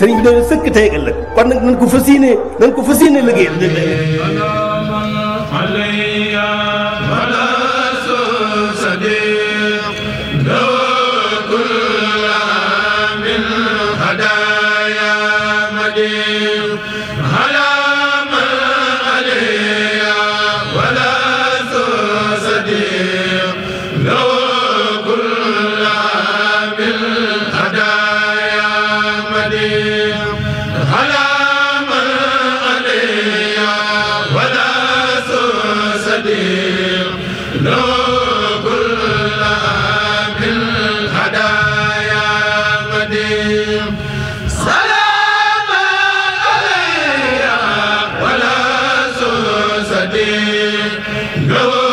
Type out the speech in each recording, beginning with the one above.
sëriñ bi dana sëkk tey ëllëg kon nag nañ ko fas yéene nañ ko fas yéene liggéeyal ala and go.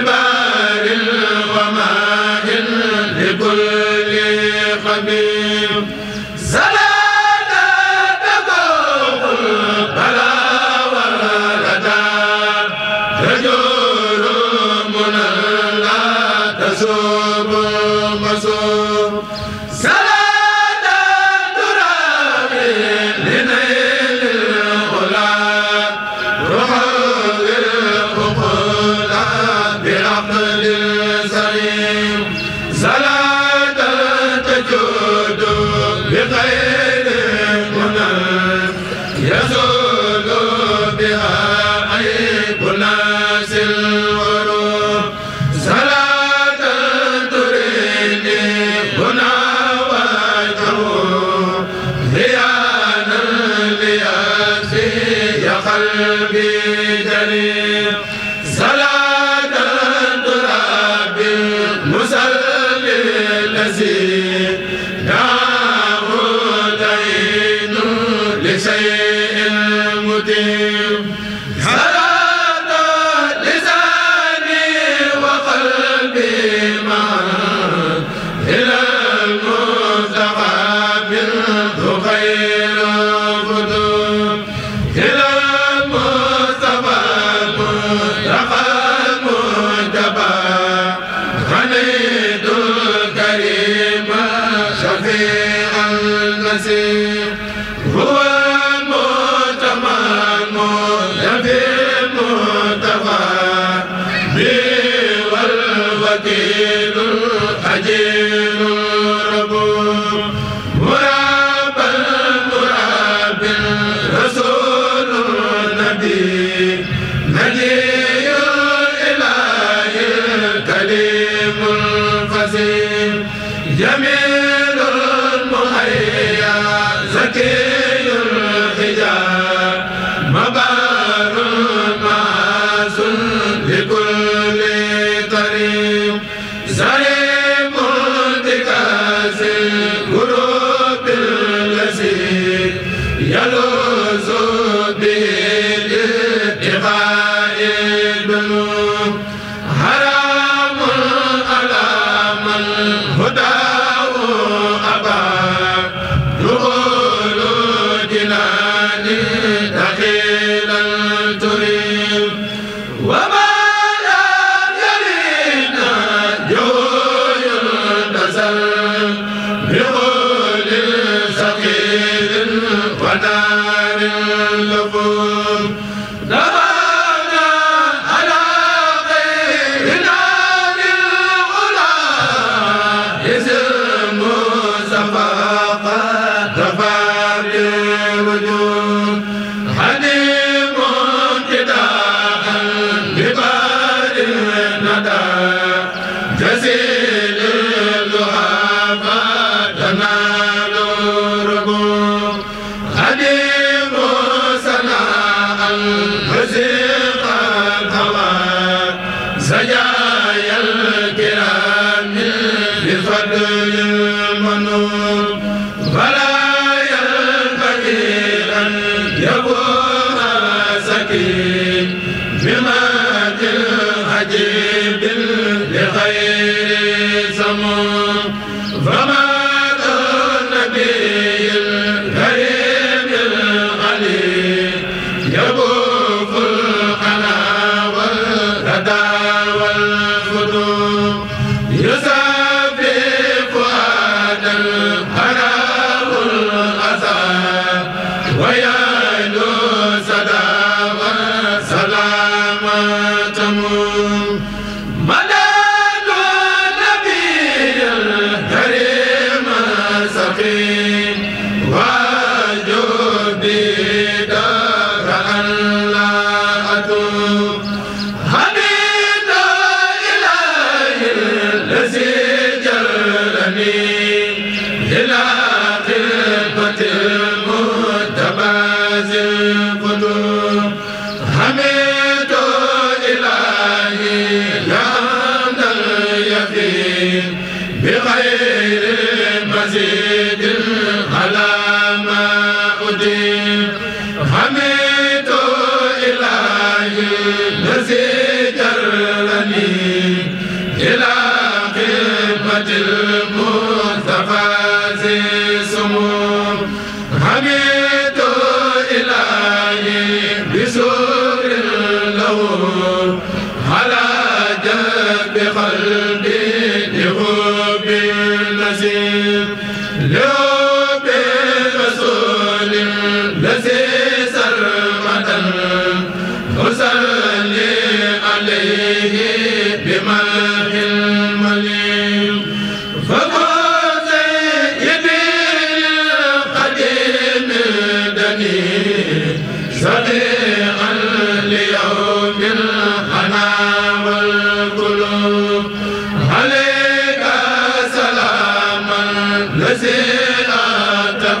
ببار الغمائل لكل خبير زلال تذوق البلا والردى رجل من لا تسوب مسوب الوزير جميل لكم sajaayal هذا الهناء الأسى ويا القدوس بقلبي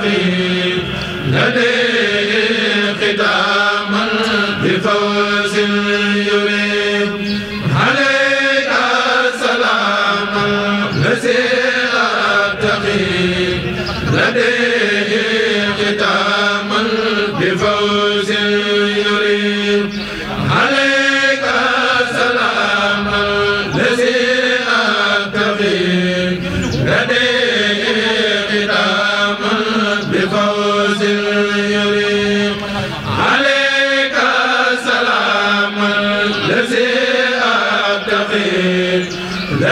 العظيم لديه